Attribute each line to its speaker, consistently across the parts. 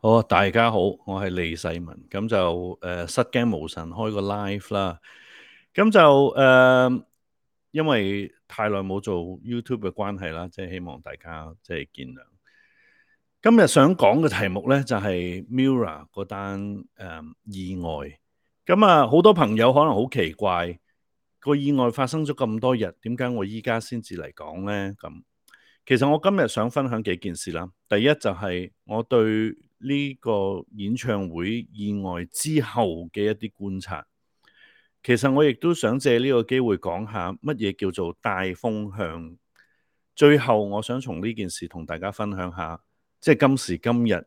Speaker 1: 好，大家好，我係李世民。咁就誒、呃、失驚無神開個 live 啦，咁就誒、呃、因為太耐冇做 YouTube 嘅關係啦，即係希望大家即係見諒。今日想講嘅題目呢，就係、是、MIRROR 嗰單誒、呃、意外，咁啊好多朋友可能好奇怪，個意外發生咗咁多日，點解我依家先至嚟講呢？咁其實我今日想分享幾件事啦，第一就係我對呢個演唱會意外之後嘅一啲觀察，其實我亦都想借呢個機會講下乜嘢叫做帶風向。最後，我想從呢件事同大家分享下，即係今時今日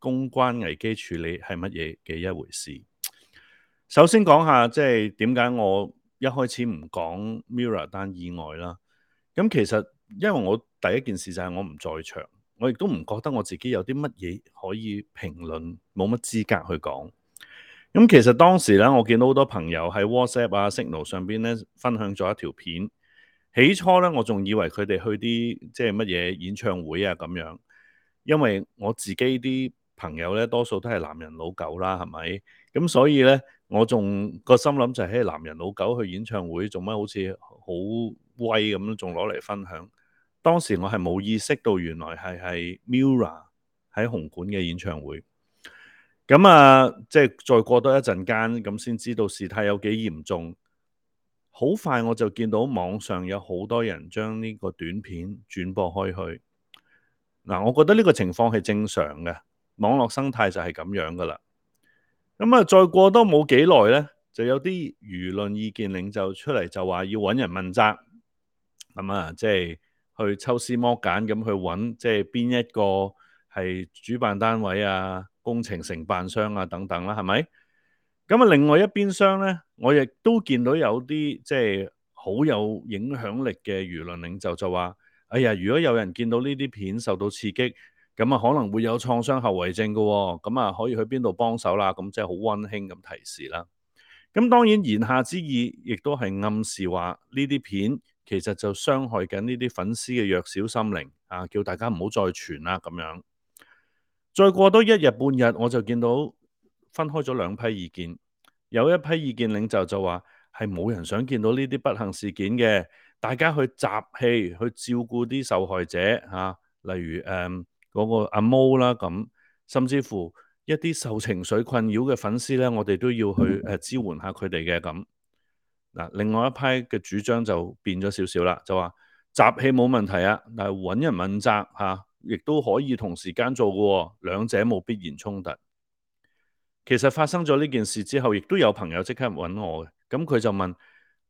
Speaker 1: 公關危機處理係乜嘢嘅一回事。首先講下，即係點解我一開始唔講 MIRROR 單意外啦。咁其實因為我第一件事就係我唔在場。我亦都唔覺得我自己有啲乜嘢可以評論，冇乜資格去講。咁、嗯、其實當時咧，我見到好多朋友喺 WhatsApp 啊、Signal 上邊咧分享咗一條片。起初咧，我仲以為佢哋去啲即係乜嘢演唱會啊咁樣，因為我自己啲朋友咧多數都係男人老狗啦，係咪？咁、嗯、所以咧，我仲個心諗就係、是、男人老狗去演唱會做乜，好似好威咁，仲攞嚟分享。當時我係冇意識到原來係係 MIRROR 喺紅館嘅演唱會，咁啊，即係再過多一陣間，咁先知道事態有幾嚴重。好快我就見到網上有好多人將呢個短片轉播開去。嗱，我覺得呢個情況係正常嘅，網絡生態就係咁樣噶啦。咁啊，再過多冇幾耐咧，就有啲輿論意見領袖出嚟就話要揾人問責。咁啊，即係。去抽絲剝繭咁去揾，即係邊一個係主辦單位啊、工程承辦商啊等等啦，係咪？咁啊，是是另外一邊廂呢，我亦都見到有啲即係好有影響力嘅輿論領袖就話：哎呀，如果有人見到呢啲片受到刺激，咁啊可能會有創傷後遺症㗎、啊，咁啊可以去邊度幫手啦。咁即係好温馨咁提示啦。咁當然言下之意，亦都係暗示話呢啲片。其實就傷害緊呢啲粉絲嘅弱小心靈啊！叫大家唔好再傳啦咁樣。再過多一日半日，我就見到分開咗兩批意見，有一批意見領袖就話係冇人想見到呢啲不幸事件嘅，大家去集氣去照顧啲受害者吓、啊，例如誒嗰、嗯那個阿毛啦咁，甚至乎一啲受情緒困擾嘅粉絲咧，我哋都要去誒、啊、支援下佢哋嘅，咁。啊嗱，另外一批嘅主張就變咗少少啦，就話集氣冇問題啊，但係搵人問責吓，亦、啊、都可以同時間做嘅、啊，兩者冇必然衝突。其實發生咗呢件事之後，亦都有朋友即刻搵我嘅，咁佢就問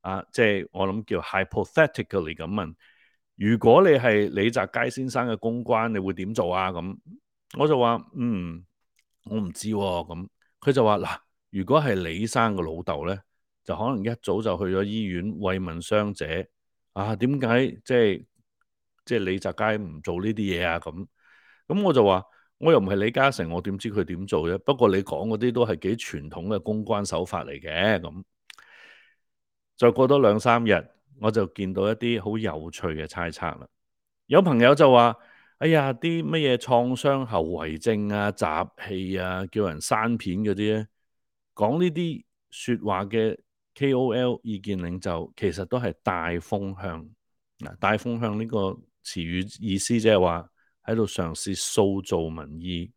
Speaker 1: 啊，即、就、係、是、我諗叫 hypothetically 咁問，如果你係李澤楷先生嘅公關，你會點做啊？咁我就話嗯，我唔知喎、啊，咁佢就話嗱、啊，如果係李生嘅老豆咧。就可能一早就去咗醫院慰問傷者啊？點解即係即係李澤楷唔做呢啲嘢啊？咁咁我就話我又唔係李嘉誠，我點知佢點做啫？不過你講嗰啲都係幾傳統嘅公關手法嚟嘅咁。再過多兩三日，我就見到一啲好有趣嘅猜測啦。有朋友就話：哎呀，啲乜嘢創傷後遺症啊、雜氣啊，叫人刪片嗰啲咧，講呢啲說話嘅。KOL 意見領袖其實都係大風向，大風向呢個詞語意思即係話喺度嘗試塑造民意。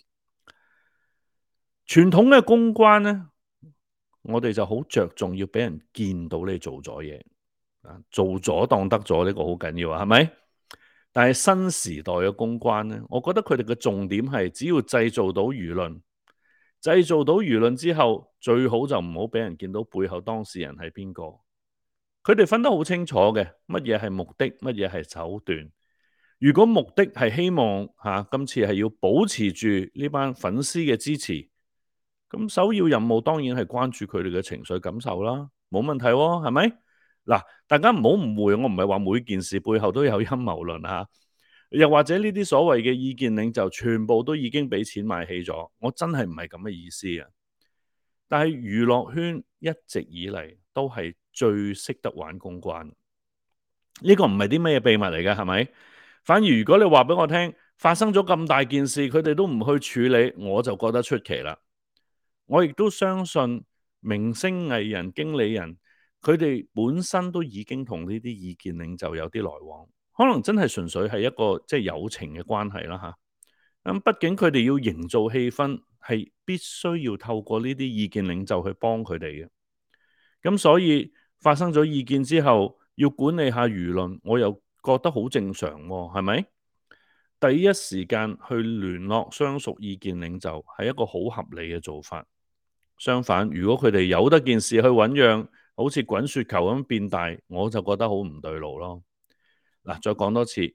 Speaker 1: 傳統嘅公關呢，我哋就好着重要俾人見到你做咗嘢，啊做咗當得咗呢個好緊要啊，係咪？但係新時代嘅公關呢，我覺得佢哋嘅重點係只要製造到輿論。製造到輿論之後，最好就唔好俾人見到背後當事人係邊個。佢哋分得好清楚嘅，乜嘢係目的，乜嘢係手段。如果目的係希望嚇，啊，今次係要保持住呢班粉絲嘅支持，咁首要任務當然係關注佢哋嘅情緒感受啦，冇問題喎，哦，係咪？嗱，大家唔好誤會，我唔係話每件事背後都有陰謀論嚇，啊。又或者呢啲所謂嘅意見領袖全部都已經俾錢買起咗，我真係唔係咁嘅意思啊！但係娛樂圈一直以嚟都係最識得玩公關，呢個唔係啲咩秘密嚟嘅，係咪？反而如果你話俾我聽，發生咗咁大件事，佢哋都唔去處理，我就覺得出奇啦。我亦都相信，明星藝人經理人，佢哋本身都已經同呢啲意見領袖有啲來往。可能真係純粹係一個即係、就是、友情嘅關係啦，吓，咁畢竟佢哋要營造氣氛，係必須要透過呢啲意見領袖去幫佢哋嘅。咁、嗯、所以發生咗意見之後，要管理下輿論，我又覺得好正常、哦，係咪？第一時間去聯絡相熟意見領袖，係一個好合理嘅做法。相反，如果佢哋有得件事去醞釀，好似滾雪球咁變大，我就覺得好唔對路咯。嗱，再講多次，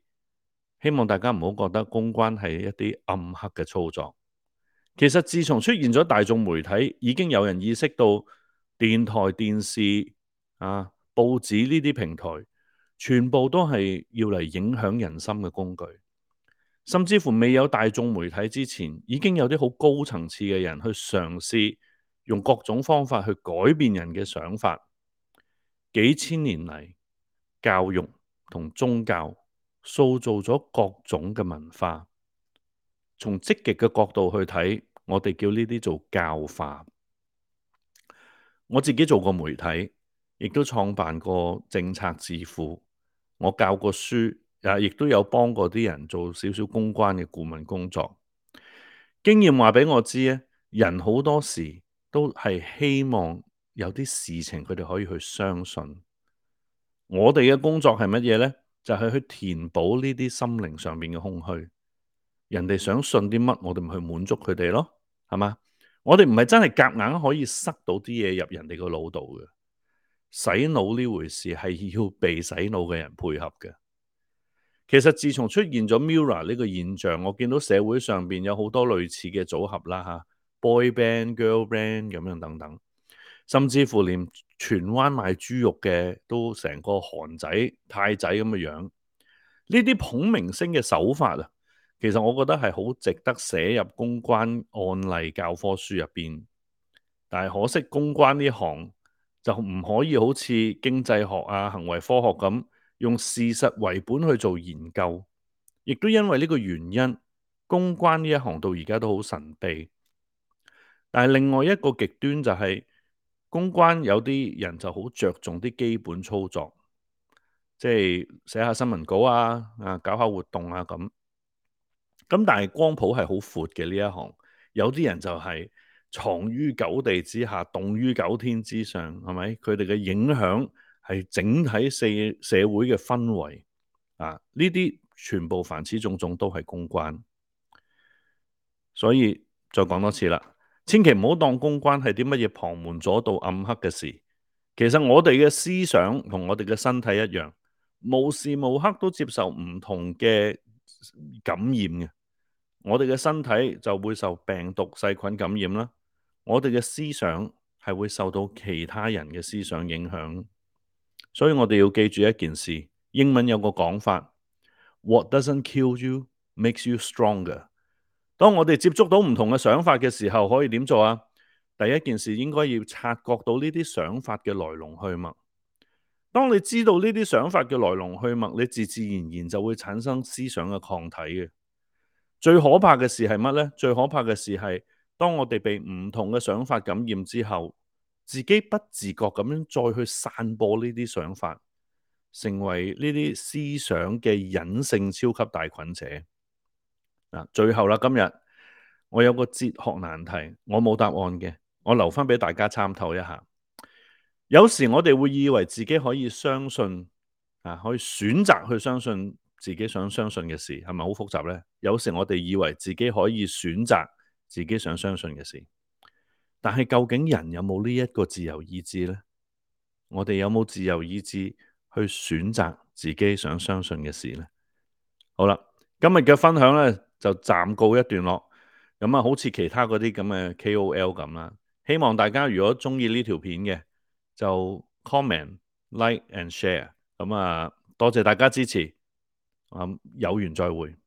Speaker 1: 希望大家唔好覺得公關係一啲暗黑嘅操作。其實，自從出現咗大眾媒體，已經有人意識到電台、電視、啊報紙呢啲平台，全部都係要嚟影響人心嘅工具。甚至乎未有大眾媒體之前，已經有啲好高層次嘅人去嘗試用各種方法去改變人嘅想法。幾千年嚟，教育同宗教塑造咗各種嘅文化，從積極嘅角度去睇，我哋叫呢啲做教化。我自己做過媒體，亦都創辦過政策智庫，我教過書，啊，亦都有幫過啲人做少少公關嘅顧問工作。經驗話俾我知咧，人好多時都係希望有啲事情佢哋可以去相信。我哋嘅工作係乜嘢咧？就係、是、去填補呢啲心靈上邊嘅空虛。人哋想信啲乜，我哋咪去滿足佢哋咯，係嘛？我哋唔係真係夾硬可以塞到啲嘢入人哋個腦度嘅。洗腦呢回事係要被洗腦嘅人配合嘅。其實自從出現咗 mirror 呢個現象，我見到社會上邊有好多類似嘅組合啦，吓、啊、boy band、girl band 咁樣等等。甚至乎連荃灣賣豬肉嘅都成個韓仔、泰仔咁嘅樣，呢啲捧明星嘅手法啊，其實我覺得係好值得寫入公關案例教科書入邊。但係可惜公關呢行就唔可以好似經濟學啊、行為科學咁用事實為本去做研究，亦都因為呢個原因，公關呢一行到而家都好神秘。但係另外一個極端就係、是。公關有啲人就好着重啲基本操作，即係寫下新聞稿啊，啊搞下活動啊咁。咁但係光譜係好闊嘅呢一行，有啲人就係藏於九地之下，動於九天之上，係咪？佢哋嘅影響係整體社社會嘅氛圍啊，呢啲全部凡此種種都係公關。所以再講多次啦。千祈唔好當公關係啲乜嘢旁門左道暗黑嘅事。其實我哋嘅思想同我哋嘅身體一樣，無時無刻都接受唔同嘅感染嘅。我哋嘅身體就會受病毒細菌感染啦，我哋嘅思想係會受到其他人嘅思想影響。所以我哋要記住一件事，英文有個講法：What doesn't kill you, makes you stronger。當我哋接觸到唔同嘅想法嘅時候，可以點做啊？第一件事應該要察覺到呢啲想法嘅來龍去脈。當你知道呢啲想法嘅來龍去脈，你自自然然就會產生思想嘅抗體嘅。最可怕嘅事係乜呢？最可怕嘅事係，當我哋被唔同嘅想法感染之後，自己不自覺咁樣再去散播呢啲想法，成為呢啲思想嘅隱性超級大菌者。嗱，最後啦，今日我有個哲學難題，我冇答案嘅，我留翻俾大家參透一下。有時我哋會以為自己可以相信啊，可以選擇去相信自己想相信嘅事，係咪好複雜呢？有時我哋以為自己可以選擇自己想相信嘅事，但係究竟人有冇呢一個自由意志呢？我哋有冇自由意志去選擇自己想相信嘅事呢？好啦，今日嘅分享呢，就暫告一段落，咁啊，好似其他嗰啲咁嘅 KOL 咁啦。希望大家如果中意呢條片嘅，就 comment、like and share。咁啊，多謝大家支持，啊，有緣再會。